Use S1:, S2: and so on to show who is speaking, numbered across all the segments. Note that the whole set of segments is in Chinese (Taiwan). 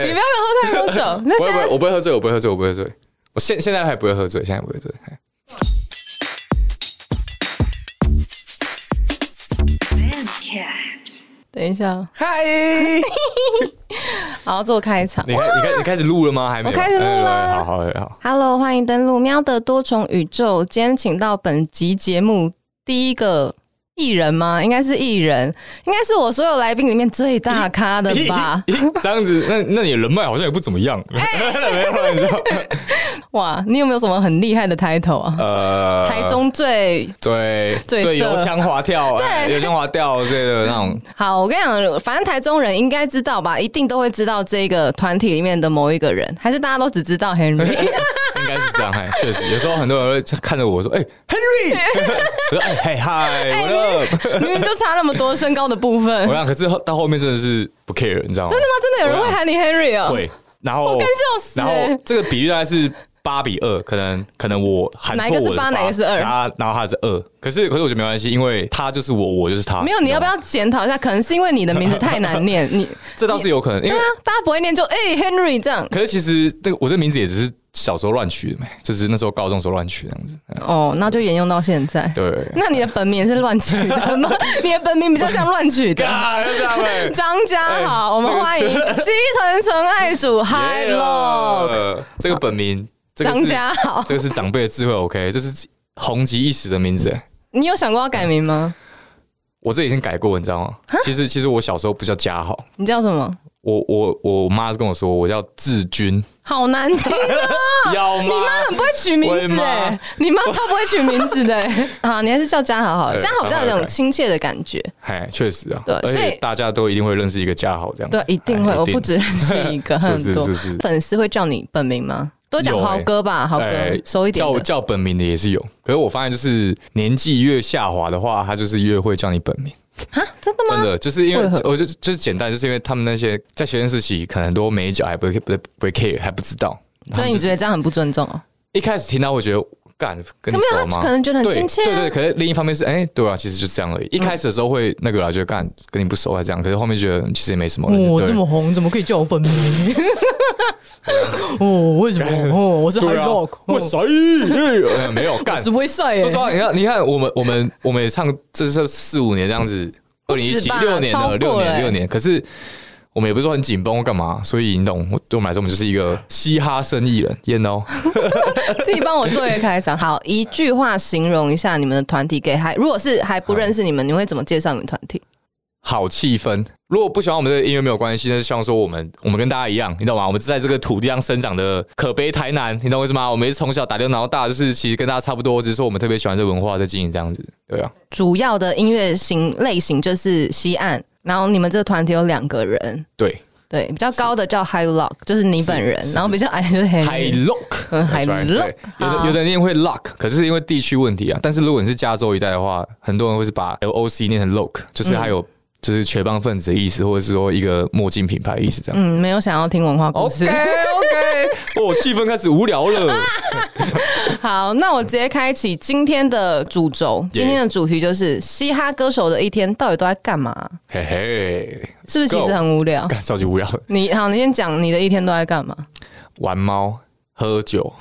S1: 欸、你不
S2: 要喝太多酒。 那不會不會
S1: 我不會喝醉，我不會喝醉，我不會喝醉。我現在現在還不會喝醉，現在不會喝醉。
S2: 等一下，嗨， 好，做開場。你開你開你開始錄了嗎？還沒有，我開始錄了。欸、對對對好，好，好好好。Hello，歡迎登錄喵的多重宇宙。今天請到本集節目第一個，藝人嗎？應該是藝人，應該是我所有來賓裡面最大咖的吧。
S1: 這樣子，那那你人脈好像也不怎麼樣。欸、 沒有，沒
S2: 有。哇，你有沒有什麼很厲害的 title 啊？
S1: 呃，台中最最最油腔滑調，對、欸，油腔滑調之類的那種。
S2: 好，我跟你講，反正台中人應該知道吧，一定都會知道這個團體裡面的某一個人。還是大家都只知道 Henry？、欸、
S1: 應該是這樣，確、欸、實。有時候很多人會看着我說：“哎、欸、，Henry、欸。 ”我說：“哎嗨嗨，我
S2: 你們就差那麼多身高的部分。我講，
S1: 可是到後面真的是不 care，你知道嗎？真的嗎？
S2: 真的有人會喊你 Henry 哦，、喔，會、
S1: 欸，然後，然後這個比例大概是八比二，可能可能我喊錯了，哪一個是八，哪個是二？然後然後他是二，可是可是我覺得沒關係，因為他就是我，我就是他。沒
S2: 有，你要不要檢討一下？可能是因為你的名字太難念， 你
S1: 這倒是有可能，因為。
S2: 對啊，大家不會念就哎、欸、Henry 這樣。
S1: 可是其實這個我這個名字也只是。小時候亂取的嘛，就是那時候高中時候亂取的樣
S2: 子。哦，那就沿用到現在。對，對，那你的本名是亂取的嗎？ 你的本名比較像亂取的。張 God  家豪、欸，我們歡迎西屯純愛組 ，High Loc、yeah。
S1: 這個本名，張家豪，這個是，這個是，這個、是長輩的智慧。OK，這是紅極一時的名字。
S2: 你有想過要改名嗎？嗯、
S1: 我這已經改過，文章了其實，其實我小時候不叫家豪，
S2: 你叫什麼？
S1: 我我我媽是跟我說，我叫志軍，
S2: 好難聽啊！ 你媽很不會取名字哎、欸，你媽超不會取名字的哎、欸。你還是叫嘉豪好了。嘉、欸、豪比較有種親切的感覺。
S1: 哎、欸，確、欸、實啊，對，所以而且大家都一定會認識一個嘉豪這樣子。對，
S2: 一定會、欸，我不只認識一個，呵呵很多是是是是粉絲會叫你本名嗎？都叫豪哥吧，欸、豪哥、欸、收一點。叫
S1: 叫本名的也是有，可是我發現就是年紀越下滑的話，他就是越會叫你本名。
S2: 啊，真的嗎？真的就是因為，為我就
S1: 就是簡單，就是因為他們那些在學生時期，可能很多沒腳，還不不不，不會 care，還不知道。所以你
S2: 覺得這樣很不尊重哦？
S1: 一開始聽到，我覺得。幹，跟你熟嗎？可能覺得很親切、啊。對對、對可是另一方面是，哎、欸，對啊，其實就是這樣而已。一開始的時候會那個啦，就幹跟你不熟啊這樣，可是後面覺得其實也沒什麼。我、哦、這麼
S2: 紅，怎麼可以叫我本名？ 嗯、
S1: 哦，為什麼？
S2: 嗯、哦，我是 High Loc、
S1: 啊。我、嗯、啥、欸？沒有幹，幹不會帥、欸。說實話，你看，你看，我們，我們，我們也唱，這是四五年這樣子，二零一七六年了、欸六年，六年，六年，可是。我們也不是說很緊繃或幹嘛，所以你懂，我對我們來說，我們就是一個嘻哈生意人，耶喏。
S2: 自己幫我做一個開場，好，一句話形容一下你們的團體，給還如果是還不認識你們，啊、你會怎麼介紹你們團體？
S1: 好氣氛，如果不喜歡我們的音樂沒有關係，那是希望說我們我們跟大家一樣，你懂嗎？我們是在這個土地上生長的可悲台南，你懂我意思嗎？我們也是從小打電腦到大，就是其實跟大家差不多，只是說我們特別喜歡這個文化在經營這樣子，對啊。
S2: 主要的音樂型類型就是西岸。然後你們這個團體有兩個人，對對，比較高的叫 High Loc，是就是你本人，然後比較矮就是黑黑 High Loc 和 High Loc，
S1: 有的有的人念會 Lock，可是，是因為地區問題啊。但是如果你是加州一帶的話，很多人會是把 L O C 念成 Lock，就是還有就是“鐵幫分子”的意思，或者是說一個墨鏡品牌的意思這樣。
S2: 嗯，沒有想要聽文化故事。Okay,
S1: okay. 我氣氛開始無聊了
S2: 好，那我直接開啟今天的主軸。Yeah. 今天的主題就是嘻哈歌手的一天到底都在幹嘛？
S1: 嘿嘿，是不是其實很無聊？超級無聊。
S2: 你好，你先講你的一天都在幹嘛？
S1: 玩貓、喝酒，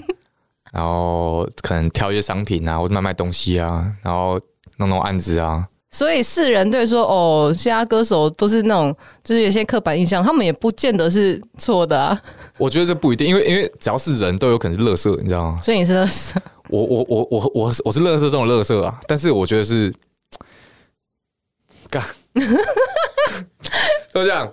S1: 然後可能挑一些商品啊，或者賣賣東西啊，然後弄弄案子啊。
S2: 所以世人對說哦，其他歌手都是那種，就是有些刻板印象，他們也不見得是錯的啊。
S1: 我覺得這不一定，因為因為只要是人都有可能是垃圾，你知道嗎？
S2: 所以你是垃圾。
S1: 我我我我我我是垃圾這種垃圾啊，但是我覺得是乾。 怎麼這樣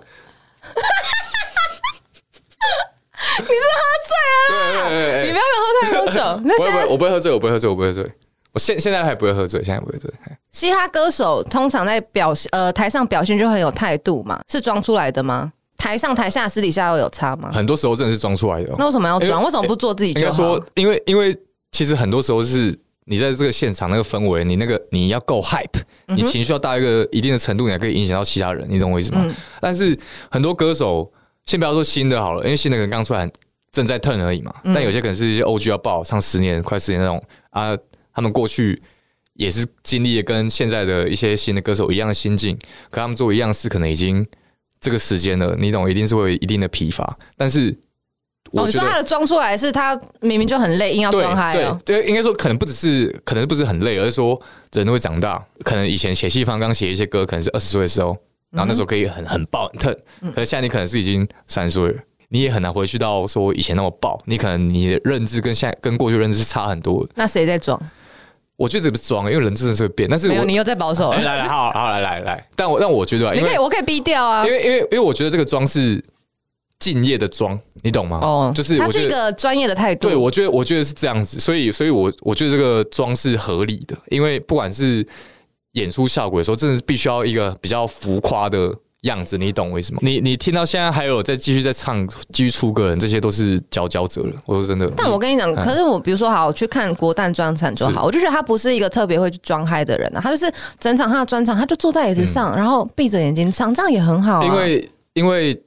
S2: 你是喝醉啊？對對對對你不要喝太多酒。不 會不會，
S1: 我不會喝醉，我不會喝醉，我不會喝醉。我現現在還不會喝醉，現在不會醉。
S2: 嘻哈歌手通常在表呃台上表現就很有態度嘛，是裝出來的嗎？台上台下私底下都有差嗎？
S1: 很多時候真的是裝出來的，哦。那為什麼要裝？為什麼不做自己就？應該說，因為因為其實很多時候是，你在這個現場那個氛圍，你那個你要夠 hype，你情緒要大到一個一定的程度，你才可以影響到其他人。你懂我意思嗎，嗯？但是很多歌手，先不要說新的好了，因為新的人剛出來正在 turn 而已嘛。嗯、但有些可能是一些 OG 要爆，唱十年快十年那種啊，他們過去。也是經歷了跟現在的一些新的歌手一樣的心境，跟他們做一樣事，可能已經這個時間了，你懂，一定是會有一定的疲乏。但是
S2: 我，哦，你說他的裝出來是他明明就很累，嗯、硬要裝嗨了。對，
S1: 對對應該說可能不只是，可能不是很累，而是說人都會長大。可能以前寫戲方剛寫一些歌，可能是二十歲的時候，然後那時候可以很、嗯、很爆很特，可是現在你可能是已經三十歲了，你也很難回去到說以前那麼爆。你可能你的認知跟現在跟過去認知是差很多。
S2: 那誰在裝？
S1: 我覺得這個妝，裝，因為人真的是會變，但是沒有你又在保守了，啊。來來，好好，好來來來，但我讓我覺得，你可以我
S2: 可以逼掉啊。因為因為
S1: 因為我覺得這個妝是敬業的妝，你懂嗎？哦，就是我覺得他是一
S2: 個專業的態度。對，我
S1: 覺得我覺得是這樣子，所以所以我，我我覺得這個妝是合理的，因為不管是演出效果的時候，真的是必須要一個比較浮誇的。樣子，你懂為什麼？你你聽到現在還有在繼續在唱，繼續出個人，這些都是佼佼者了。我說真的，但我跟你講、嗯，可是
S2: 我比如說，我去看國旦專場就好，我就覺得他不是一個特別會去裝嗨的人啊，他就是整場他的專場，他就坐在椅子上，嗯、然後閉着眼睛唱，這樣也很好、啊、因為
S1: 因為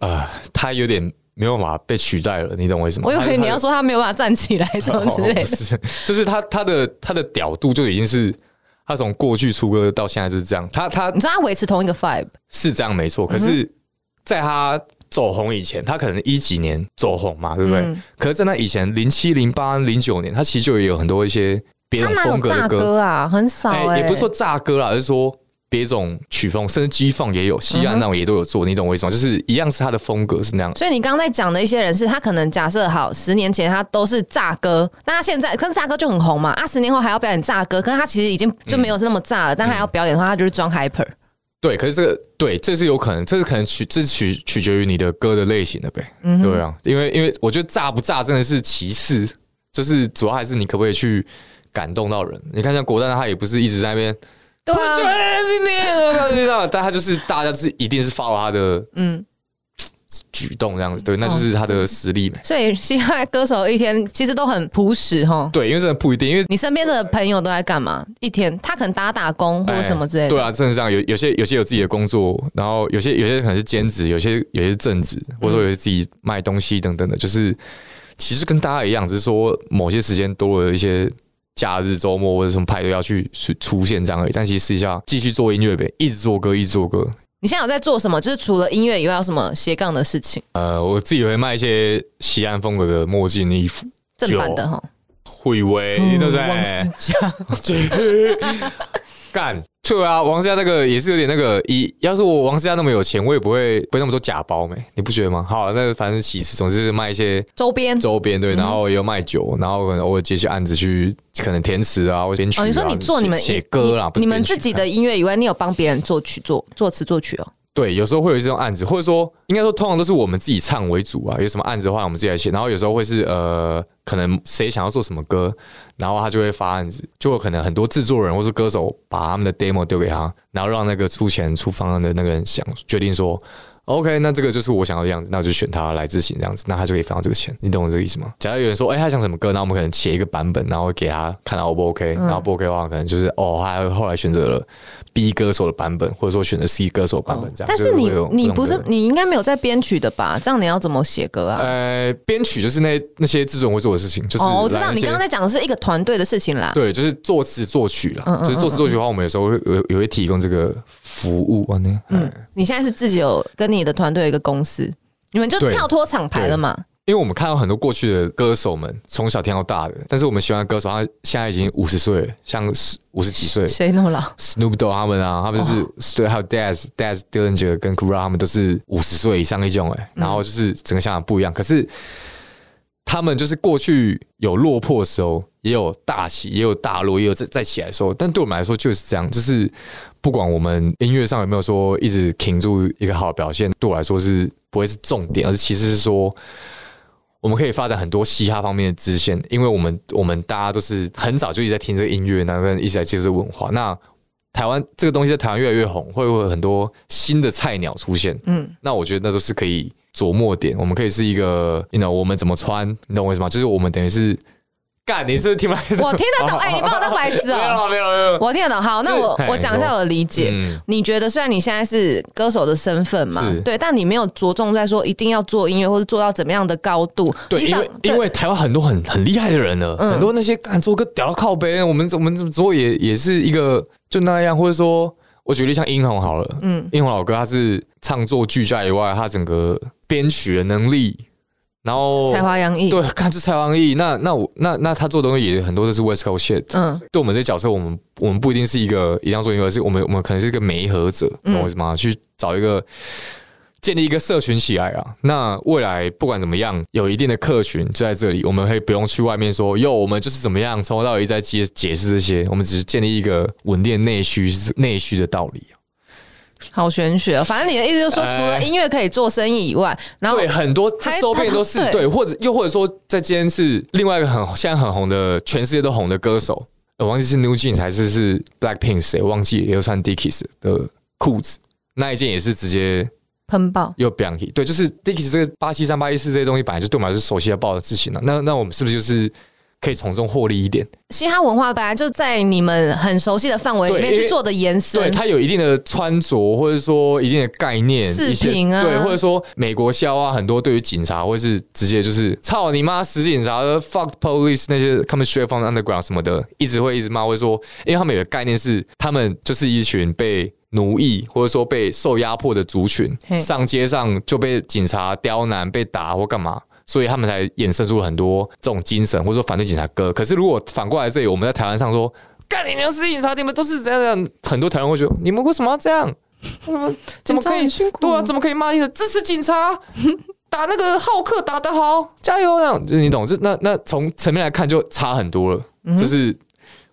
S1: 呃，他有點沒有辦法被取代了，你懂為什麼？我以為你要說
S2: 他，他沒有辦法站起來什麼之類的 是，是
S1: 就是他他的他的屌度就已經是。他從過去出歌到現在就是這樣，
S2: 他他你知道他維持同一個 vibe
S1: 是這樣沒錯，可是，在他走紅以前，他可能一幾年走紅嘛，對不對？嗯、可是在那以前，零七、零八、零九年，他其實就也有很多一些別的風格的歌、歌
S2: 啊，很少、欸欸，也不是說
S1: 炸歌啦，而是說。也一種曲風，甚至 G-funk 也有，西安那種也都有做。嗯、你懂我意思嗎？就是一樣是他的風格是那樣。所以你
S2: 剛剛在講的一些人是，是他可能假設好十年前他都是炸歌，那他現在可跟炸歌就很紅嘛。啊，十年後還要表演炸歌，可是他其實已經就沒有是那麼炸了。嗯、但還要表演的話，他就是裝 hyper、嗯。
S1: 對，可是這個對，這是有可能，這是可能取，這是取取決於你的歌的類型了唄、嗯。對啊，因為因為我覺得炸不炸真的是其次，就是主要還是你可不可以去感動到人。你看像國蛋，他也不是一直在那邊。
S2: 對啊，
S1: 覺得是。 但他就是大家是一定是 follow 他的
S2: 嗯
S1: 舉動這樣子，對，那就是他的實力嘛。哦、
S2: 所以，饒舌歌手一天其實都很樸實哈、
S1: 哦。對，因為這不一定，因為
S2: 你身邊的朋友都在幹嘛一天，他可能打打工或者什麼之類的。哎、對啊，
S1: 正是這樣。有有些有些有自己的工作，然後有些有些可能是兼職，有些有些是正職，或者說有些自己賣東西等等的，就是、嗯、其實跟大家一樣，只是說某些時間多了一些。假日週末或者什麼派對要去去出現這樣而已，但其實試一下繼續做音樂唄，一直做歌，一直做歌。
S2: 你現在有在做什麼？就是除了音樂以外，有什麼斜槓的事情？
S1: 呃，我自己會賣一些西安風格的墨鏡、衣服，正版的哈、哦。以為、嗯、對不對？王思佳， 幹對啊！王思佳那個也是有點那個，一要是我王思佳那麼有錢，我也不會不會那麼多假包沒，你不覺得嗎？好，那反正其實總是,是賣一些周邊，周邊對，然後也有賣酒，然後可能偶爾接些案子去，可能填詞啊編曲啊。哦，你說你做你們寫歌啦，你們自己的音
S2: 樂以外，你有幫別人作曲作,作,作曲、喔、作作詞、作曲哦。
S1: 對，有時候會有這種案子，或者說應該說通常都是我們自己唱為主啊。有什麼案子的話，我們自己來寫。然後有時候會是呃，可能誰想要做什麼歌，然後他就會發案子，就有可能很多制作人或是歌手把他們的 demo 丟給他，然後讓那個出錢出方案的那個人想決定說。OK，那這個就是我想要的樣子，那我就選他來自行這樣子，那他就可以分到這個錢，你懂我這個意思嗎？假如有人說，哎、欸，他想什麼歌，那我們可能寫一個版本，然後給他看他 O 不 OK，、嗯、然後不 OK 的話，可能就是哦，他後來選擇了 B 歌手的版本，或者說選擇 C 歌手的版本這樣。哦、但是你、就是、你不是
S2: 你應該沒有在編曲的吧？這樣你要怎麼寫歌啊？
S1: 呃，編曲就是那那些制作人會做的事情，就是、哦、我知道你剛剛在
S2: 講的是一個團隊的事情啦，
S1: 對，就是作詞作曲啦。嗯嗯嗯嗯，就是作詞作曲的話，我們有時候會有有會提供這個。服務啊呢，
S2: 那嗯，你現在是自己有跟你的團隊一個公司，你們就跳脫廠牌了嘛？
S1: 因為我們看到很多過去的歌手們從小聽到大的，但是我們喜歡的歌手，他現在已經五十歲，像五十幾歲，誰那麼老？Snoop Dogg 他們啊，他們就是、oh. 還有 Daz、Daz Dillinger 跟 Kura 他們都是五十歲以上一種哎、欸，然後就是整個想法不一樣，嗯、可是他們就是過去有落魄的時候，也有大起，也有大落，也有再再起來時候，但對我們來說就是這樣，就是。不管我們音樂上有沒有說一直挺住一個好的表現，對我來說是不會是重點，而是其實是說我們可以發展很多嘻哈方面的支線，因為我們我們大家都是很早就一直在聽這個音樂，然後一直在接觸這個文化。那台灣這個東西在台灣越來越紅，會不會有很多新的菜鳥出現？嗯，那我覺得那都是可以琢磨點，我們可以是一個你知道 you know, 我們怎麼穿，你懂我意思嗎？就是我們等於是。幹，你是不是聽不太懂？我聽得懂，哎、哦欸哦，你把我當白痴啊，哦？沒有沒有沒有，我聽得懂。好，就是，那我我講一下我的理解。嗯、
S2: 你覺得，雖然你現在是歌手的身份嘛，對，但你沒有着重在說一定要做音樂，或是做到怎麼樣的高度？對，因為
S1: 因為台灣很多很很厲害的人呢，嗯，很多那些敢做歌屌到靠杯，我們怎麼怎麼做也也是一個就那樣，或者說，我舉例像殷紅好了，嗯，殷紅老哥他是唱作俱佳，以外，他整個編曲的能力。然後才華洋溢，對，看出才華洋溢，那那我那那,那他做的東西也很多都是 West Coast shit。嗯，對我們這些角色，我們我們不一定是一個一樣做音樂，而是我們我們可能是一個媒合者，懂我意思嗎？嗯，去找一個建立一個社群起來啊，那未來不管怎麼樣，有一定的客群就在這裡，我們可以不用去外面說喲，我們就是怎麼樣，從頭到尾一直在解解釋這些，我們只是建立一個穩定內需內需的道理。
S2: 好玄學，哦，反正你的意思就是說，除了音樂可以做生意以外，然後對很
S1: 多周邊都是對，對，或者又或者說，在今天是另外一個很現在很紅的，全世界都紅的歌手，我忘記是 New Jeans 還是是 Black Pink，誰忘記？也有穿 Dickies 的褲子，那一件也是直接噴爆，又 b e a 對，就是 Dickies 這個八七三八一四這些東西本來就對我們來說是熟悉到爆的事情了、啊。那那我們是不是就是？可以從中獲利一點。
S2: 嘻哈文化本來就在你們很熟悉的範圍裡面去做的延伸，對，對它有
S1: 一定的穿着，或者說一定的概念，飾品啊，對，或者說美國笑啊，很多對於警察，或是直接就是操你媽死警察的 fuck police，那些他們 come straight from underground 什麼的，一直會一直罵，會說，因為他們有個概念是，他們就是一群被奴役，或者說被受壓迫的族群，上街上就被警察刁難、被打或幹嘛。所以他們才衍生出很多這種精神，或者說反對警察歌。可是如果反過來這裡，我們在台灣上說“幹你娘死警察你們都是這樣，這樣”，很多台灣會說，你們為什麼要這樣？怎麼怎麼可以？對啊，怎麼可以罵人？支持警察，打那個浩克打得好，加油！啊，這樣就是你懂，就那那從層面來看就差很多了，嗯，就是。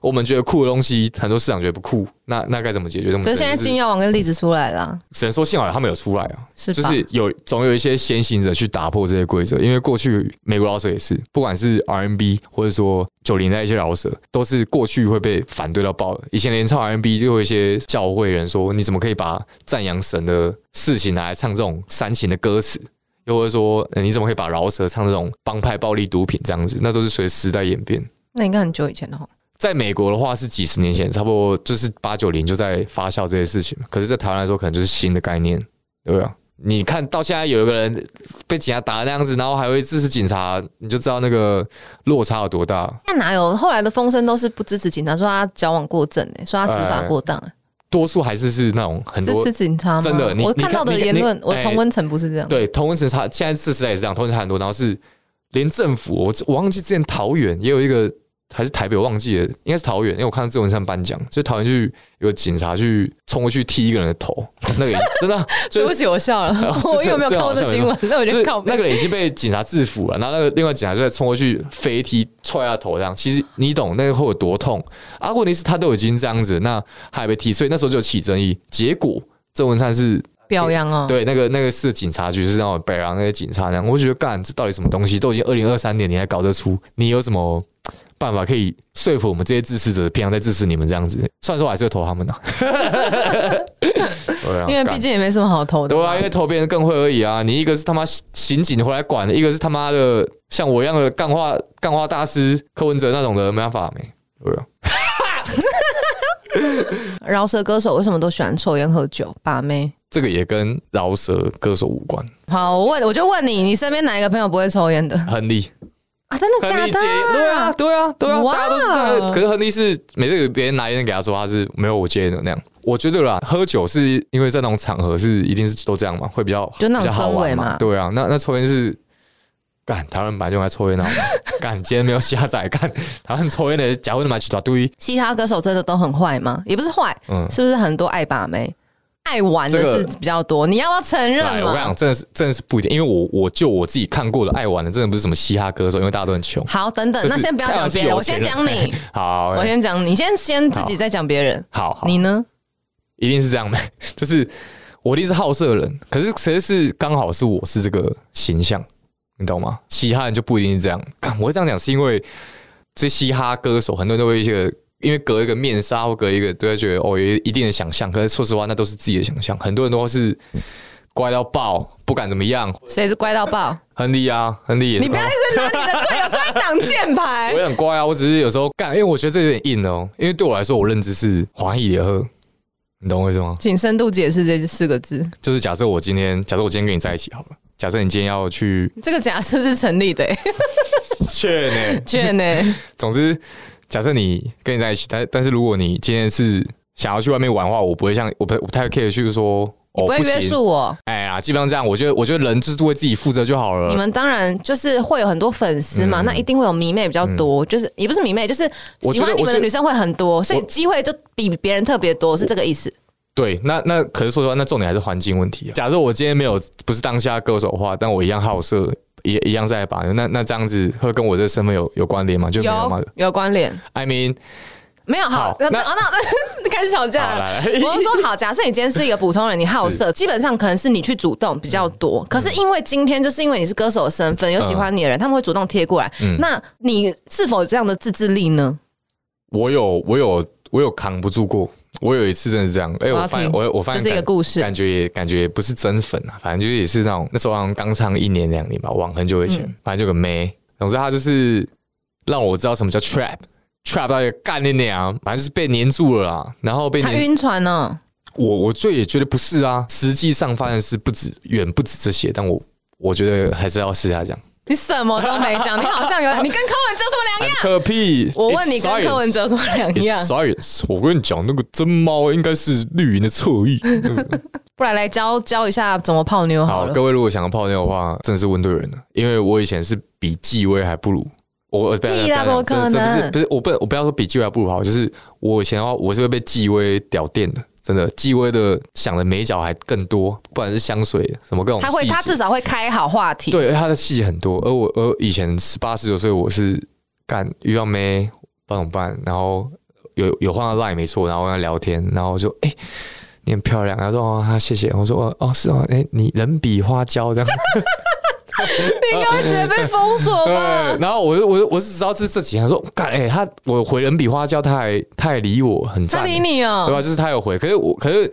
S1: 我們覺得酷的東西，很多市場覺得不酷，那那該怎麼解決這麼？所以現在金
S2: 藥王跟例子出來了，
S1: 啊，只能說幸好他們有出來啊，是就是有總有一些先行者去打破這些規則。因為過去美國饒舌也是，不管是 RNB 或者說九零代一些饒舌，都是過去會被反對到爆的。以前連唱 RNB 就有一些教會人說，你怎麼可以把贊揚神的事情拿來唱這種煽情的歌詞？又或者說、嗯、你怎麼可以把饒舌唱這種幫派暴力毒品這樣子，那都是隨時代演變。
S2: 那應該很久以前的吼。
S1: 在美國的話是幾十年前，差不多就是八九零就在發酵這些事情。可是，在台灣來說，可能就是新的概念，對不對？你看到現在有一個人被警察打的那樣子，然後還會支持警察，你就知道那個落差有多大。那
S2: 哪有後來的風聲都是不支持警察，說他矯枉過正、欸過欸，哎，說他執法過當。
S1: 多數還是是那種很多支持警察嗎？真的你。我看到的言論、哎，我同溫層不是這樣。對，同溫層他現在事實也是這樣，同溫層很多，然後是連政府，我忘記之前桃園也有一個。還是台北，我忘記了，應該是桃園，因為我看到鄭文燦頒獎，所以桃園就有警察去衝過去踢一個人的頭， 那個人真的、啊、
S2: 對不起，我笑了，然後我有沒有看的新聞？那我就靠北。那個人已經
S1: 被警察制服了， 然後那個另外個警察就衝過去飛踢踹，踹他頭這樣，其實你懂那個會有多痛啊？問題是，他都已經這樣子，那還被踢，所以那時候就有起爭議。結果鄭文燦是
S2: 表揚啊、哦欸，對，
S1: 那個那個是警察局是讓北港那些警察那樣，我覺得幹這到底什麼東西？都已經二零二三年，你還搞得出？你有什麼？辦法可以說服我們這些支持者，偏向在支持你們這樣子，算然我還是會投他們的、啊、 因為畢竟也
S2: 沒什麼好投的，對啊，因為
S1: 投別人更會而已啊。你一個是他媽刑警回來管的，一個是他媽的像我一樣的幹話幹話大師柯文哲那種的，沒辦法沒。有
S2: 沒饒舌歌手為什麼都喜歡抽菸喝酒？把妹，
S1: 這個也跟饒舌歌手無關。
S2: 好，我問，我就問你，你身邊哪一個朋友不會抽煙的？亨利。啊、真的假的？很對啊，對啊，對啊，對啊 wow! 大家都是這樣。可是
S1: 亨利是每次有別人拿煙給他說，他是沒有我接的那樣。我覺得啦，喝酒是因為這種場合是一定是都這樣嘛，會比較就那種比較好玩嘛。對啊，那那抽煙是，幹台灣人，本來就很愛抽煙那嘛，幹 今天沒有下載，幹台灣抽煙的傢伙他媽去抓毒。其他
S2: 嘻哈歌手真的都很壞嗎？也不是壞，嗯，是不是很多愛把妹？愛玩的是比較多，這個、你要不要承認？我跟你講，
S1: 真的是真的是不一定，因為我我就我自己看過的愛玩的，真的不是什麼嘻哈歌手，因為大家都很窮。
S2: 好，等等，就是、那先不要講別人，人，我先講你、
S1: 欸。好，欸、我先
S2: 講，你先先自己再講別人好
S1: 好。好，你呢？一定是這樣的， 就是我一定是好色的人，可是其實是剛好是我是這個形象，你懂嗎？其他人就不一定是這樣。我這樣講是因為這嘻哈歌手很多人都會一些。因為隔一個面紗或隔一個，都會覺得哦，有一,一定的想象。可是說實話，那都是自己的想象。很多人都是乖到爆，不敢怎麼樣。
S2: 誰是乖到爆？
S1: 亨利啊，亨利也是。你不要一直拿你
S2: 的隊友出來擋箭牌。 我
S1: 也很乖啊，我只是有時候幹，因為我覺得這有點硬哦、喔。因為對我來說，我認知是華裔而喝，你懂我意思嗎？
S2: 請深度解釋這四個字。
S1: 就是假設我今天，假設我今天跟你在一起好了，假設你今天要去，
S2: 這個假設是成立的、欸
S1: 確。確呢，確呢。總之。假設你跟你在一起，但但是如果你今天是想要去外面玩的話，我不會像我不，我不太 care，去說，我不會約束我、哦、我。哎呀，基本上這樣，我覺得我覺得人就是為自己負責就好了。你們
S2: 當然就是會有很多粉絲嘛、嗯，那一定會有迷妹比較多，嗯、就是也不是迷妹，就是喜歡你們的女生會很多，所以機會就比別人特別多，是這個意思。
S1: 對，那那可是說實話，那重點還是環境問題啊。假如我今天沒有不是當下歌手的話，但我一樣好色。嗯一一樣在吧，那那這樣子會跟我這身份有有關聯嗎？有有
S2: 有關聯。I mean, 沒有好，好，那、哦、那那 開始吵架了。我是說好，假設你今天是一個普通人，你好色， 基本上可能是你去主動比較多、嗯。可是因為今天就是因為你是歌手的身份、嗯，有喜歡你的人，他們會主動貼過來、嗯那嗯。那你是否有這樣的自制力呢？
S1: 我有，我有，我有扛不住過。我有一次真的是這樣，哎、欸，我發現我我發現感，這是個故事感覺也感覺也不是真粉啊，反正就是也是那種那時候好像剛唱一年兩年吧，網很久以前，嗯、反正就個 May。總之他就是讓我知道什麼叫 trap、嗯、trap，他幹你娘啊，反正就是被粘住了啦，然後被他暈
S2: 船呢。我
S1: 我就也覺得不是啊，實際上發現是不止遠不止這些，但我我覺得還是要試一下這樣。
S2: 你什麼都沒講，你好像有 你跟柯文
S1: 哲什麼兩樣？可 屁！我問你跟柯文哲什麼兩樣 Sorry，我跟你講，那個真貓應該是綠營的側翼。嗯、
S2: 不然來，來教教一下怎麼泡妞好，好各
S1: 位如果想要泡妞的話，真是問對人了，因為我以前是比紀威還不如。我不要，不可能，的的不是不是，我不我不要說比紀威還不如好，就是我以前的話，我是會被紀威屌電的。真的，細微的想的美角還更多，不管是香水什麼各種，他會他至
S2: 少會開好話題。對，
S1: 他的細節很多。而我而以前十八十九歲，我是幹遇到妹，怎麼辦？然後有有換到 line 沒錯，然後跟他聊天，然後就哎、欸，你很漂亮。然後說哦、啊，謝謝。我說哦是哦，哎，你人比花嬌這樣
S2: 你剛才直接被封鎖了，
S1: 然後我就我就我是知道是這幾天說，哎，他我回人比花嬌，他還他還理我，很他理你哦，對吧？就是他有回，可是我可是。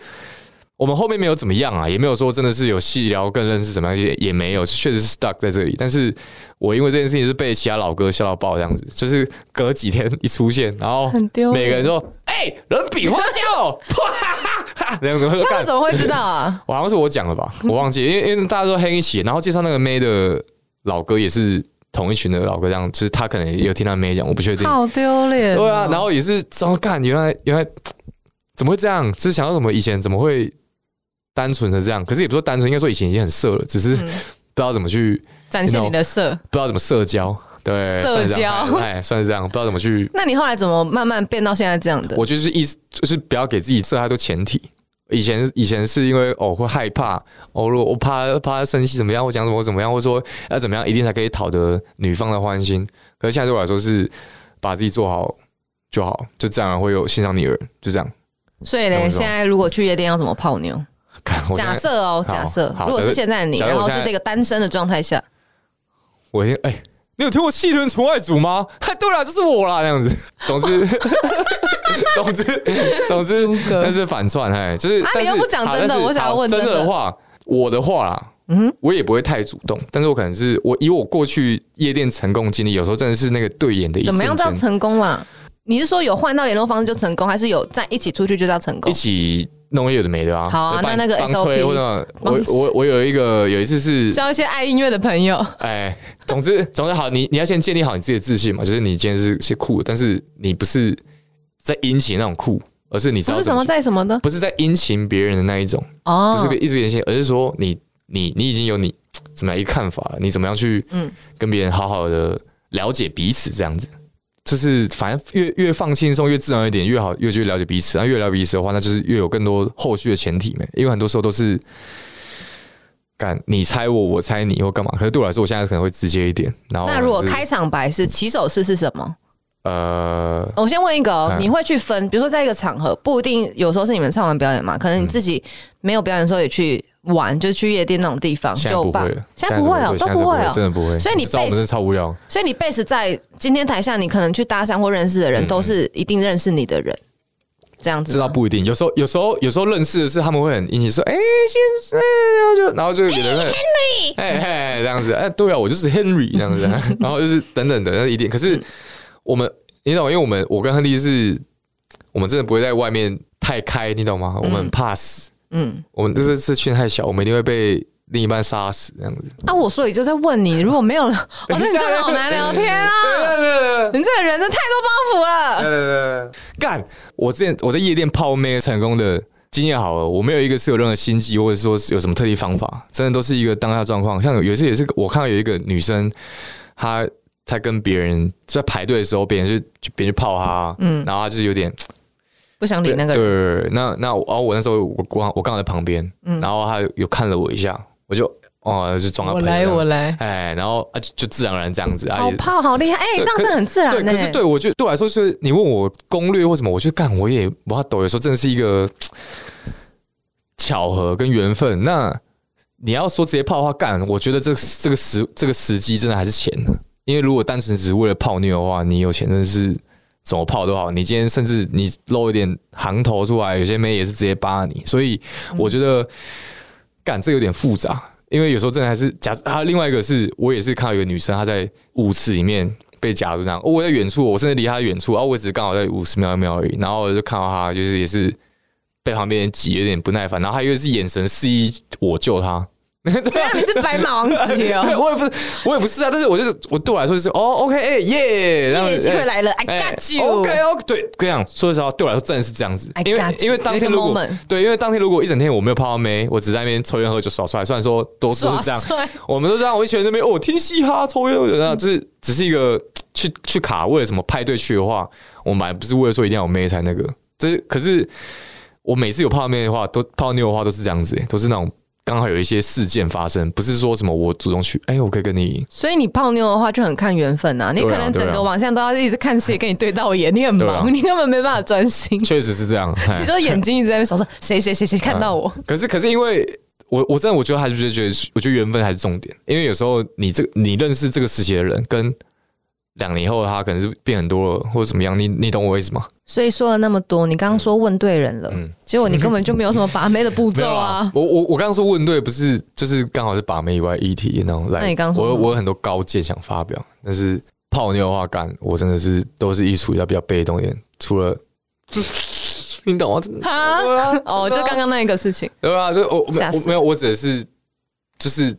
S1: 我們後面沒有怎麼樣啊，也沒有說真的是有細聊更認識怎麼樣，也也沒有，確實是 stuck 在這裡。但是我因為這件事情是被其他老哥笑到爆，這樣子，就是隔幾天一出現，然後很丟臉。每個人說：“哎、欸，人比花嬌。 哇”哇哈哈！哈哈他們怎麼會知道啊？我好像是我講的吧？我忘記，因為因為大家都黑一起，然後介紹那個妹的老哥也是同一群的老哥，這樣其實他可能也有聽他妹講，我不確定。好
S2: 丟臉、喔！對啊，然
S1: 後也是怎麼幹？原來原來怎麼會這樣？就是想到什麼以前怎麼會。單純的這樣，可是也不說單純，應該說以前已經很色了，只是不知道怎麼去
S2: 展現、嗯、you know, 你的色，
S1: 不知道怎麼社交，對，社交，哎，， 算是這樣，不知道怎麼去。 那
S2: 你後來怎麼慢慢變到現在這樣的？我就
S1: 是意思就是不要給自己設太多前提。以前以前是因為我、哦、會害怕，我、哦、我怕怕生氣怎麼樣，或講什麼怎麼樣，或說要怎麼樣一定才可以討得女方的歡心。可是現在對我來說是把自己做好就好，就這樣會有欣賞你的人，就這樣。
S2: 所以呢，現在如果去夜店要怎麼泡妞？
S1: 假設哦，假設如果是現在的你在，然後是這個
S2: 單身的狀態下，
S1: 我哎、欸，你有聽過西屯純愛組嗎？哎，對了，就是我啦，這樣子。總之， 總之，總之，那是反串哎，就是。啊，你又不講真的，我想要問真,的,真的,的話，我的話啦，嗯，我也不會太主動，但是我可能是我以我過去夜店成功的經歷，有時候真的是那個對眼的一瞬間，怎麼樣叫成
S2: 功啦、啊。你是說有換到聯絡方式就成功，還是有在一起出去就叫成功？一
S1: 起。弄有的沒的啊，好啊，那那個幫催我我我有一個有一次是
S2: 交一些愛音樂的朋友，
S1: 哎，總之總之好，你你要先建立好你自己的自信嘛，就是你今天是些酷，但是你不是在殷勤那種酷，而是你不是什麼在什麼的，不是在殷勤別人的那一種哦，不是一直人系，而是說你你你已經有你怎麼樣一個看法了，你怎麼樣去跟別人好好的了解彼此這樣子。就是反正越越放輕鬆越自然一點越好，越去了解彼此，然後越了解彼此的話，那就是越有更多後續的前提嘛。因為很多時候都是幹你猜我，我猜你，或幹嘛。可是對我來說，我現在可能會直接一點。然後、就是、那如果開場
S2: 白是、嗯、起手式是什麼？呃，我先問一個哦，你會去分，比如說在一個場合，不一定有時候是你們唱完表演嘛，可能你自己沒有表演的時候也去玩，就是去夜店那種地方，不就不會了，現在不會哦，都不會哦，真的不會。所以你, Base, 你我們超無聊，所以你 Base 在今天台下，你可能去搭訕或認識的人，都是一定認識你的人，嗯、這樣子。這倒
S1: 不一定，有時候有時候有時候認識的是他們會很引起說，哎、欸，先生，
S2: 然後就然後就有人問，欸欸 Henry、嘿，嘿，這樣子，哎、
S1: 欸，對啊，我就是 Henry 這樣子、啊， 然後就是等等的那一點，可是。嗯。我們你懂，因為我們我跟亨利是，我們真的不會在外面太開，你懂嗎、嗯？我們怕死，嗯，我們就是這圈太小，我們一定會被另一半殺死這樣子。
S2: 嗯、啊，我所以就在問你，如果沒有，我、哦、你真的好難聊天啊！嗯嗯嗯嗯嗯嗯嗯嗯，你這個人真太多包袱
S1: 了。對對對，幹！我之前我在夜店泡妹成功的經驗好了，我沒有一個是有任何心機，或者是說有什麼特定方法，真的都是一個當下狀況。像有一次也是我看到有一個女生，她。在跟別人在排隊的時候，別人就別人就泡他，嗯，然後他就是有點不想理那個人。對，那那啊，我那時候我剛我剛好在旁邊、嗯，然後他有，有看了我一下，我就哦、啊，就裝了。我來我來，哎，然後啊就，就自然而然這樣子啊，好泡
S2: 好厲害，哎、欸，這樣子很自然的、欸。可是對
S1: 我就對我來說，就是你問我攻略或什麼，我去幹，我也不怕抖，有時候真的是一個巧合跟緣分。那你要說直接泡的話，幹，我覺得這個這個時這個時機真的還是淺的。因為如果單純只是為了泡妞的話，你有錢真的是怎麼泡都好。你今天甚至你露一點行頭出來，有些妹也是直接扒你。所以我覺得，幹、嗯、這個、有點複雜。因為有時候真的還是假。假他另外一個是我也是看到一個女生，她在舞池裡面被夾住這樣。哦、我在遠處，我甚至離她遠處，然、啊、後我只剛好在五十秒一秒而已。然後我就看到她，就是也是被旁邊人擠，有點不耐煩。然後她以為是眼神示意我救她。 對啊，是你是白馬王子哦！ 我也不是，我也不是啊。但是，我就是我對我來說就是 哦，OK，哎，耶，然後有機會來了、哎、，I
S2: got you，OK，OK 對，
S1: 這樣說實話，對我來說真的是這樣子。
S2: 因為，因為當天如果
S1: 對，因為當天如果一整天我沒有泡到妹，我只在那邊抽煙喝酒耍帥，雖然說都是這樣，耍帥，我們都知道，我以前那邊哦，聽嘻哈、抽煙、喝酒、嗯，就是只是一個去去卡。為了什麼派對去的話，我買不是為了說一定要有妹才那個。這、就是可是我每次有泡到妹的話，都泡妞的話都是這樣子、欸，都是那種。剛好有一些事件發生，不是說什麼我主動去，哎、欸，我可以跟你。
S2: 所以你泡妞的話就很看緣分吶、啊，你可能整個晚上都要一直看誰跟你對到我眼對、啊對啊，你很忙、啊，你根本沒辦法專
S1: 心。確實是這樣， 你說眼
S2: 睛一直在那邊掃射，誰誰誰誰看到我。可、嗯、是
S1: 可是，可是因為我我真的我覺得還是覺得覺得，我覺得緣分還是重點，因為有時候你這你認識這個世界的人跟。兩年後的他可能是變很多了，或者怎麼樣？你你懂我意思嗎？
S2: 所以說了那麼多，你剛剛說問對人了，嗯，結果你根本就沒有什麼把妹的步驟啊！ 我我
S1: 我剛剛說問對，不是就是剛好是把妹以外議題那種。You know, 那你剛說我我有很多高見想發表，但是泡妞的話，幹我真的是都是一出要比較被動一點。除了 你懂我、
S2: 啊？啊？哦，啊、就剛剛那一個事情，
S1: 對吧、啊？就我我沒有，我，沒有我只是就是。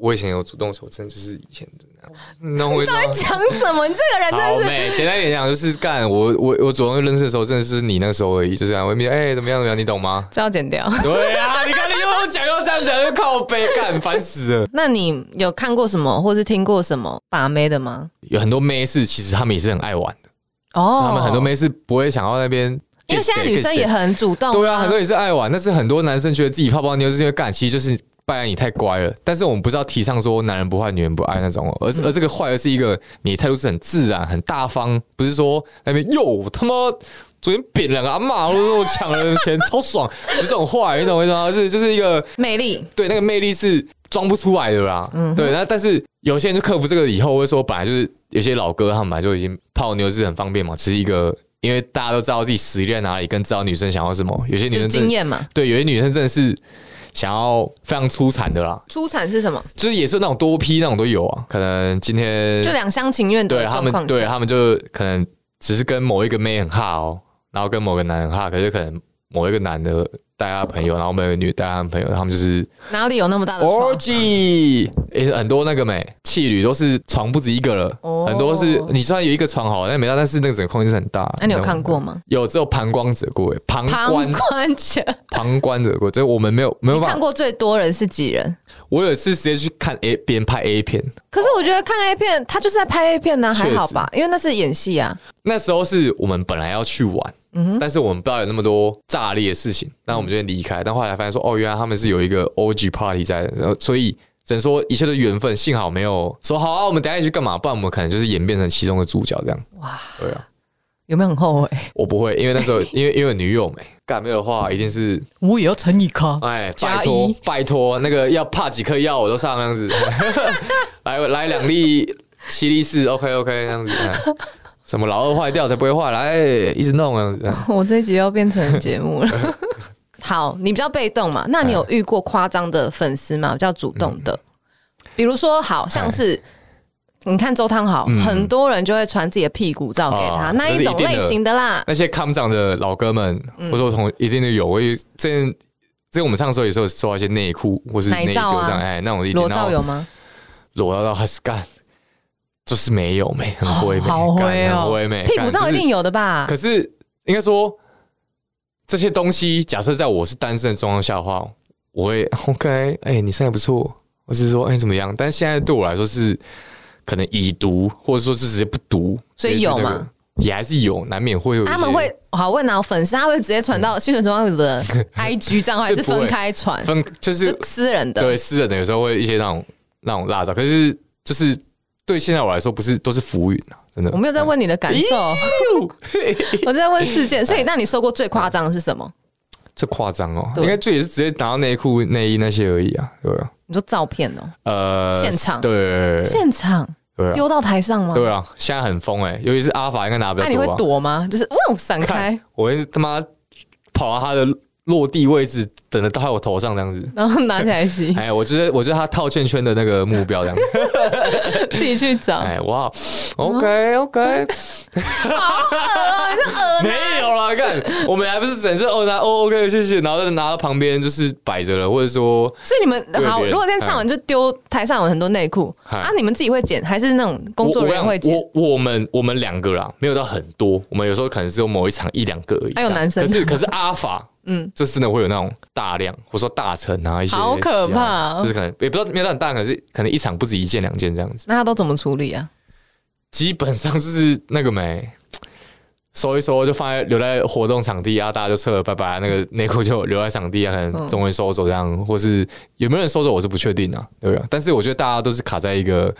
S1: 我以前有主動的時候，真的就是以前的那樣。那我到底講
S2: 什麼？ 你這個人真是。
S1: 簡單一點講，就是幹我我我主動認識的時候，真的是你那時候而已，就這樣。我問你，哎、欸，怎麼樣怎麼樣？你懂嗎？
S2: 這要剪掉。對啊，你看 你又講又這樣講又靠我
S1: 背幹，煩死了。
S2: 那你有看過什麼，或是聽過什麼把妹的嗎？
S1: 有很多妹是其實他們也是很愛玩的哦。Oh, 他們很多妹是不會想要在那邊，因為現在女生也很
S2: 主動，很主動。對啊，很多也
S1: 是愛玩，但是很多男生覺得自己泡泡妞是因為幹，其實就是。壞，你太乖了，但是我們不是要提倡說男人不壞女人不愛那種，而是、嗯、而這個壞的是一個，你態度是很自然很大方，不是說那邊喲他媽昨天扁了啊罵， 都說我搶了錢 超爽，就這種壞，你懂我意思嗎？是嗎？就是一個魅力，對，那個魅力是裝不出來的啦，嗯，對。那但是有些人就克服這個以後會說，本來就是有些老哥他們就已經泡妞是很方便嘛，其實一個，因為大家都知道自己實力在哪裡，跟知道女生想要什麼。有些女生經驗嘛，對，有些女生真的是。想要非常出彩的啦，
S2: 出彩是什麼？就
S1: 是也是那種多批那種都有啊。可能今天就
S2: 兩廂情願，對他們，對他
S1: 們就可能只是跟某一個妹很哈哦，然後跟某個男很哈，可是可能某一個男的。帶他朋友，然後我們女帶他的朋友，他們就是、
S2: orgy! 哪裡有那麼大的床？
S1: 哦，G 也是很多那個美、汽旅都是床不只一個了，Oh. 很多是你雖然有一個床好，但沒到，但是那個整個空間是很大。那、啊、你有看過嗎？有，只有旁觀者，者過，旁觀者旁觀者過，這我們沒有沒有看
S2: 過。最多人是幾人？
S1: 我有一次直接去看 A 片，拍 A 片。
S2: 可是我覺得看 A 片，他就是在拍 A 片呢、啊，還好吧？因為那是演戲啊。
S1: 那時候是我們本來要去玩。嗯、但是我們不知道有那麼多炸裂的事情，那我們就離開、嗯。但後來發現說，哦，原來他們是有一個 OG party 在，然後所以只能說一切都緣分。幸好沒有說好啊、哦，我們等一下一起去幹嘛？不然我們可能就是演變成其中的主角這樣。哇，對啊，
S2: 有沒有很後悔、欸？
S1: 我不會，因為那時候因為因為女友沒幹， 幹沒有的話一定是我也要成一顆。哎，拜托拜托，那個要怕幾顆藥我都上這樣子， 來來兩粒七粒四 o、okay, k OK，這樣子。 什麼老二壞掉才不會壞？來、啊欸欸，一直弄啊。啊
S2: 我這一集要變成節目了。 好，你比較被動嘛？那你有遇過誇張的粉絲嗎？比較主動的，嗯、比如說，好像是你看周湯豪，嗯、很多人就會傳自己的屁股照給他，啊、那一種類型，啊、一類型的啦。
S1: 那些看不長的老哥們，嗯、我者說同一定的有，我真這我們上說，有時候收到一些內褲或是內照啊，哎、欸，那種一定要裸照有嗎？裸照還是幹？就是沒有沒很美，喔，很灰好灰哦，灰灰屁股上一定
S2: 有的吧？就是，可
S1: 是應該說這些東西，假設在我是單身的狀況下的話，我會 OK，欸。哎，你身材不錯，我是說，哎，欸，怎麼樣？但現在對我來說是可能已讀，或者說是直接不讀，所以有嗎，那個？也還是有，難免會有。他們會
S2: 好問吶，啊，我粉絲他會直接傳到宣傳中央有的 IG 賬號 是，還是分開傳？分
S1: 就是就私人的，對私人的有時候會一些那種那種辣照，可是就是。對現在我來說不是都是浮雲啊，真的。
S2: 我沒有在問你的感受，嗯、 我在問事件。所以，那你說過最誇張的是什麼？嗯、
S1: 最誇張哦，應該最也是直接拿到內褲、內衣那些而已啊，對不
S2: 對？你說照片哦、喔，
S1: 呃，現場對，對，對，對，現場丟到台上嗎？對啊，現在很瘋哎、欸，尤其是阿法應該拿比較多。那你會躲
S2: 嗎？就是哦，閃開！
S1: 我會他媽跑到他的。落地位置等着到在我頭上這樣子，
S2: 然後拿起來洗。
S1: 哎，我覺得我覺得他套圈圈的那個目標這樣子， 自己去找。哎，哇、哦、OK OK，好
S2: 噁啊！ 你是噁啊、沒
S1: 有啦。看 我們還不是整是哦，那哦 OK，謝謝，然後就拿到旁邊就是擺着了，或者說，所以你們好，如果今天唱完
S2: 就丟台上有很多內褲、哎、啊，你們自己會撿還是那種工作人員會撿？
S1: 我們我們兩個啦，沒有到很多，我們有時候可能只有某一場一兩個而已。還有男生，可是可是阿法。嗯，就是真的會有那種大量，或者說大成，啊，一些好可怕、啊，就是可能也不知道沒有那麼大，可是可能一場不止一件兩件這樣子。
S2: 那他都怎麼處理啊？
S1: 基本上就是那個沒收一收，就放在留在活動場地啊，大家就撤了，拜拜。那個內褲就留在場地啊，可能中文收走這樣、嗯，或是有沒有人收走，我是不確定的、啊，對不對？但是我覺得大家都是卡在一個。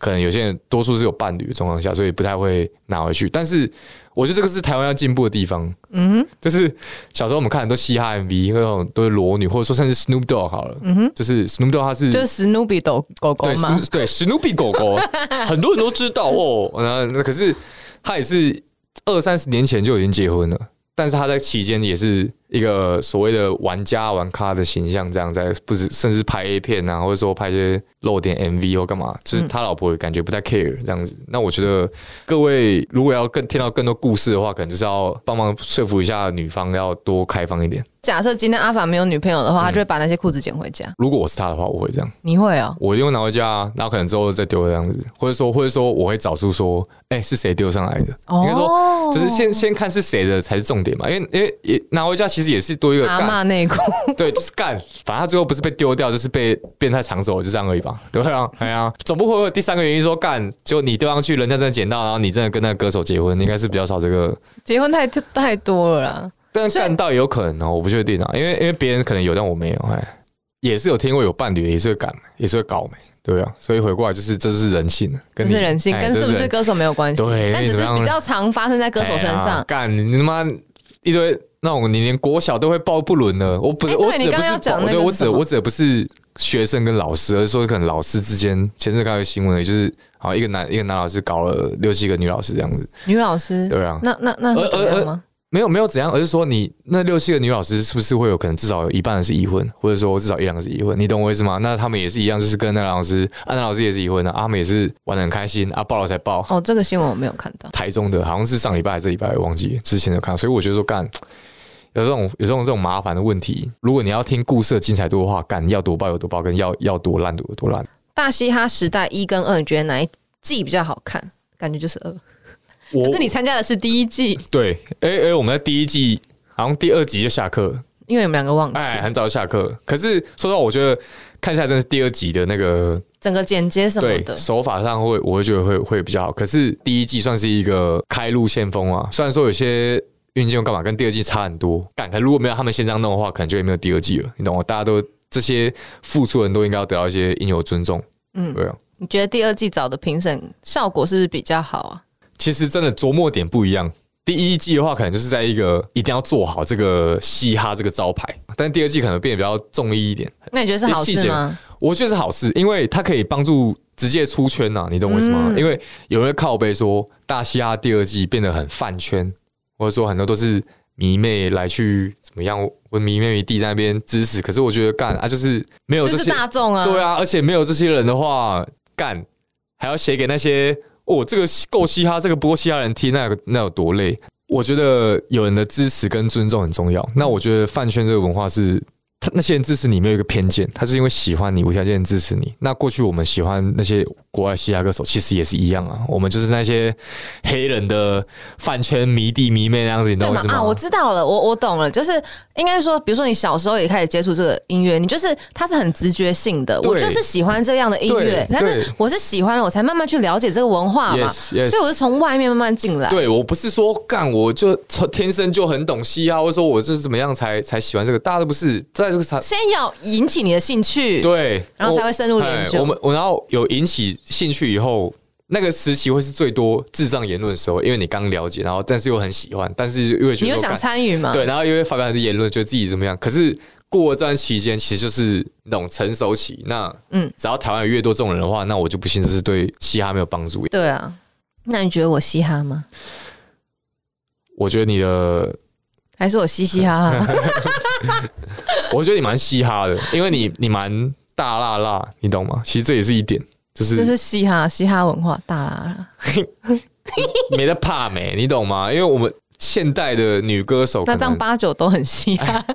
S1: 可能有些人多數是有伴侶的狀況下，所以不太會拿回去。但是我覺得這個是台灣要進步的地方。嗯哼，就是小時候我們看都嘻哈 MV，那種都是裸女，或者說甚至 Snoop Dogg 好了。嗯哼，就是 Snoop Dogg，他是就他是
S2: Snoopy 狗狗狗嘛？對，Snoop，
S1: 對，Snoopy 狗狗， 很多人都知道哦。那 可是他也是二三十年前就已經結婚了，但是他在期間也是。一個所謂的玩家玩咖的形象，這樣在不是，甚至拍 A 片啊，或者說拍一些露點 MV 或幹嘛，就是他老婆也感覺不太 care 這樣子。那我覺得各位如果要更聽到更多故事的話，可能就是要幫忙說服一下女方要多開放一點。
S2: 假設今天阿法沒有女朋友的話，嗯、他就會把那些褲子撿回家。
S1: 如果我是他的話，我會這樣。
S2: 你會啊、
S1: 哦？我一定會拿回家，那可能之後再丟這樣子，或者說或者說我會找出說，哎、欸、是誰丟上來的？
S2: 哦、應該說就是
S1: 先先看是誰的才是重點嘛，因為因為拿回家其。其實也是多一個阿嬤內褲， 對，就是幹。反正他最後不是被丟掉，就是被變態搶走，就是、這樣而已吧，對啊，哎呀、啊， 總不會有第三個原因說幹，就你丟上去，人家真的撿到，然後你真的跟那個歌手結婚，應該是比較少這個
S2: 結婚太太多了啦。
S1: 但幹到也有可能哦、喔。我不確定啊，因為因為別人可能有，但我沒有，哎，也是有聽過有伴侶也是會幹，也是會搞嘛，沒對啊。所以回過來就是，這是人性的，跟這是人性、哎，跟是不是歌手
S2: 沒有關係，對但，但只是比較常發生在歌手身上。
S1: 幹、哎啊、你他媽一堆。那我你連國小都會報不倫呢？我不、欸、對我指的不是講，對，我只我指的不是學生跟老師，而是說可能老師之間前陣剛有新聞，也就是好一個男一個男老師搞了六七個女老師這樣子，女老師對啊，那
S2: 那那嗎而而
S1: 而沒有沒有怎樣，而是說你那六七個女老師是不是會有可能至少有一半是已婚，或者說至少一兩個是已婚？你懂我意思嗎？那他們也是一樣，就是跟那個老師，阿、啊、那老師也是已婚的、啊啊，他們也是玩得很開心，阿、啊、了才爆哦，這個新聞我沒有看到，台中的好像是上禮拜還是這禮拜我忘記之前有看到，所以我覺得說幹。有這種有這種這種麻煩的問題。如果你要聽故事的精彩度的話，幹要多爆有多爆，跟要要多爛有多爛。
S2: 大嘻哈時代一跟二，你覺得哪一季比較好看？感覺就是二。我可是你參加的是第一季。
S1: 對，哎、欸、哎、欸，我們在第一季，好像第二集就下課，
S2: 因為你們兩個忘記了，
S1: 很早就下課。可是說實話，我覺得看下來真的是第二集的那個
S2: 整個剪接什麼的，對，
S1: 手法上會，我會覺得會會比較好。可是第一季算是一個開路先鋒啊，雖然說有些。運氣用幹嘛？跟第二季差很多。幹，可如果沒有他們先這樣弄的話，可能就也沒有第二季了。你懂嗎？大家都這些付出人都應該要得到一些應有尊重。嗯，對啊。你
S2: 覺得第二季找的評審效果是不是比較好啊？
S1: 其實真的著墨點不一樣。第一季的話，可能就是在一個一定要做好這個嘻哈這個招牌，但第二季可能變得比較綜藝一點。
S2: 那你覺得是好事嗎？
S1: 我覺得是好事，因為它可以幫助直接出圈吶、啊。你懂我意思嗎、嗯？因為有人靠背說大嘻哈第二季變得很飯圈。或者說很多都是迷妹來去怎麼樣，我迷妹迷弟在那邊支持，可是我覺得幹啊，就是沒有這些，就是大眾啊，對啊，而且沒有這些人的話，幹，還要寫給那些，哦，這個夠嘻哈，這個不夠嘻哈人聽，那有那有多累？我覺得有人的支持跟尊重很重要。那我覺得飯圈這個文化是。他那些人支持你沒有一個偏見，他是因為喜歡你無條件支持你。那過去我們喜歡那些國外嘻哈歌手，其實也是一樣啊。我們就是那些黑人的飯圈迷弟迷妹那樣子，對你懂嗎？啊，我
S2: 知道了，我我懂了。就是應該說，比如說你小時候也開始接觸這個音樂，你就是他是很直覺性的，我就是喜歡這樣的音樂。但是我是喜歡了，我才慢慢去了解這個文化嘛。Yes, yes. 所以我是從外面慢慢進來。對
S1: 我不是說幹我就天生就很懂嘻哈，啊，或者說我是怎麼樣才才喜歡這個。大家都不是在。
S2: 先要引起你的興趣，對，然後才會深入的研究。我們，
S1: 我然後有引起興趣以後，那個時期會是最多智障言論的時候，因為你剛了解，然後但是又很喜歡，但是因為覺得你又想參與嘛，對，然後因為發表這言論，就自己怎麼樣？可是過了這段期間，其實就是那種成熟期。那嗯，只要台灣有越多這種人的話，那我就不信這是對嘻哈沒有幫助。
S2: 對啊，那你覺得我嘻哈嗎？
S1: 我覺得你的。
S2: 還是我嘻嘻哈哈？
S1: 我覺得你蠻嘻哈的，因為你你蠻大辣辣，你懂嗎？其實這也是一點，就是這是
S2: 嘻哈，嘻哈文化大辣辣，
S1: 沒得怕沒，你懂嗎？因為我們現代的女歌手，那張
S2: 八九都很嘻
S1: 哈，哈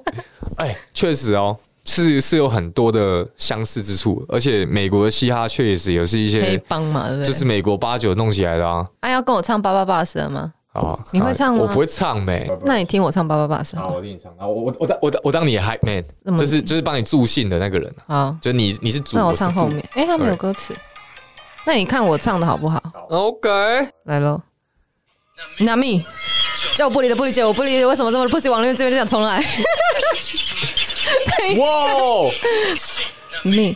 S1: 確實哦。喔，是是有很多的相似之處，而且美國的嘻哈確實也是一些黑幫嘛，對對，就是美國八九弄起來的啊，
S2: 啊，要跟我唱八八八十嗎？
S1: 哦、oh,，你會唱嗎？我不會唱唄。
S2: 那你聽我唱八八八聲。
S1: 好，我聽你唱。然後我我我我我當你 Hype man，就是就是幫你助興的那個人、啊。好，就是、你你是主。那我唱後面，
S2: 哎、欸，他沒有歌詞。那你看我唱的好不好？OK，來嘍，Na Mi，叫我不理解不理解，我不理解為什麼這麼不喜網絡這邊就想重來。哇，Mi 哦。Nami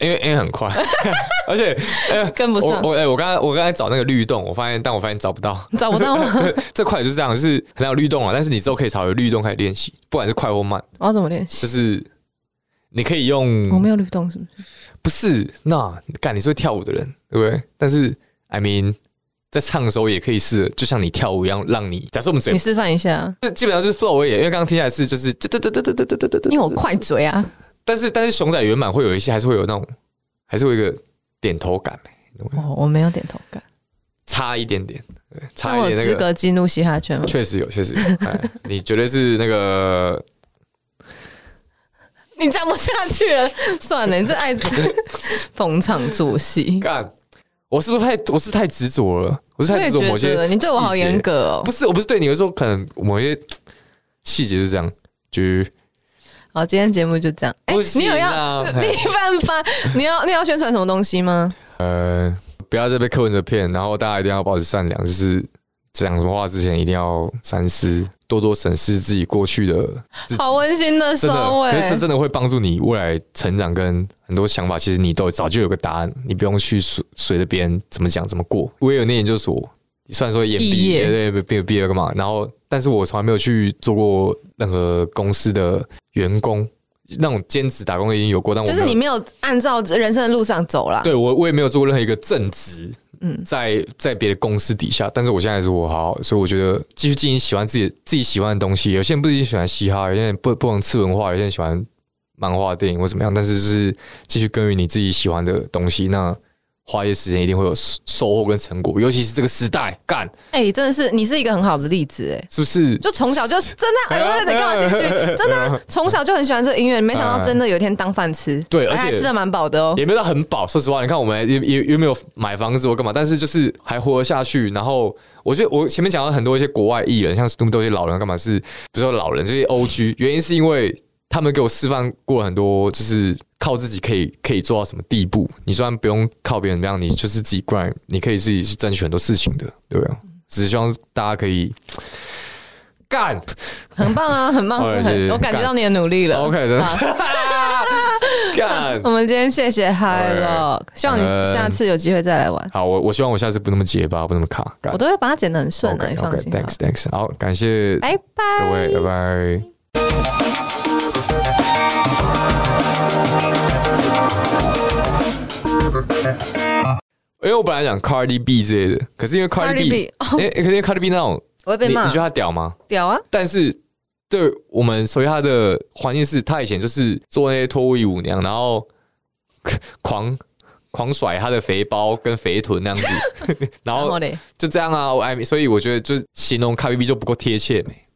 S1: 因為因為很快， 而且哎、欸、跟不上我我剛、欸、才我剛才找那個律動，我發現但我發現找不到，找不到嗎？ 這塊就是這樣，就是很有律動啊。但是你之後可以朝律動開始練習，不管是快或慢。我要怎麼練習？就是你可以用我沒有律動是不是？不是，那、no, 干你是會跳舞的人對不對？但是 I mean 在唱的時候也可以試，就像你跳舞一樣，讓你假設我們嘴你示
S2: 範一下，這、
S1: 就是、基本上就是 flow 耶，因為剛剛聽起來是就是噠噠噠噠噠噠噠噠
S2: 噠噠，因為我快嘴啊。
S1: 但是但是，但是熊仔原版會有一些，還是會有那種，還是會有一個點頭感、欸
S2: 哦。我沒有點頭感，
S1: 差一點點，差一點那個資格
S2: 進入嘻哈圈嗎？確實有，確實有
S1: 哎。你絕對是那個，
S2: 你站不下去了， 算了，你這愛 逢場作戲。幹，我是不是太，我是不是太執着了？我是太執着某些，人？你對我好嚴格哦。
S1: 不是，我不是對你有時候可能某些細節是這樣，就。
S2: 好，今天節目就這樣。欸、你有要，沒辦法，你要你要宣傳什麼東西嗎？
S1: 呃，不要再被柯文哲騙，然後大家一定要保持善良，就是講什麼話之前一定要三思，多多審視自己過去的。
S2: 好溫馨的說的、欸，可是這真
S1: 的會幫助你未來成長，跟很多想法，其實你都早就有個答案，你不用去隨隨着別人怎麼講怎麼過。我也有那研究所，雖然說也畢業，對，畢畢業個嘛，然後但是我從來沒有去做過任何公司的員工，那種兼職打工的經有過，但我就是你沒
S2: 有按照人生的路上走了。對，
S1: 我我也沒有做過任何一個正職，嗯，在在別的公司底下，但是我現在還是我好，所以我覺得繼續經行喜歡自己自己喜歡的東西。有些人不一僅喜歡嘻哈，有些人不不吃文化，有些人喜歡漫畫、電影或怎麼樣，但是是繼續耕耘你自己喜歡的東西。那。花一些時間，一定會有收穫跟成果。尤其是這個時代，幹
S2: 哎、欸，真的是你是一個很好的例子，欸，哎，是不是？就從小就真的，哎呦，幹、哎、嘛情、哎呦，真的從、啊哎、小就很喜歡這個音樂，沒想到真的有一天當飯吃、呃吃哦。對，而且吃的蠻飽的哦。也
S1: 沒有到很飽，說實話，你看我們有有有沒有買房子，子或幹嘛？但是就是還活下去。然後，我覺得我前面講了很多一些國外藝人，像很多一些老人幹嘛是，比如說老人這些、就是、O G，原因是因為他們給我示範過很多，就是。靠自己可以可以做到什麼地步？你雖然不用靠別人怎麼樣，你就是自己 grind，你可以自己去爭取很多事情的，對不對、嗯？只希望大家可以
S2: 幹，很棒啊，很棒、嗯哦，很謝謝！我感覺到你的努力了。OK，真的幹！ 我們今天謝謝 High Loc，希望你下次有機會再來玩。嗯、
S1: 好，我我希望我下次不那麼結巴，不那麼卡，我
S2: 都會把它剪得很順的。OK，Thanks，Thanks、
S1: OK, thanks。好，感謝，拜拜，各位，bye bye 拜拜。因、欸、為我本來講 Cardi B 之類的，可是因為 Cardi B，, Cardi B、哦欸、可是因為 Cardi B 那種，你你覺得他屌嗎？屌啊！但是對我們，所以他的環境是他以前就是做那些脫衣舞娘，然後狂狂甩他的肥包跟肥臀那樣子， 然後就這樣啊，哎，所以我覺得就形容 Cardi B 就不夠貼切沒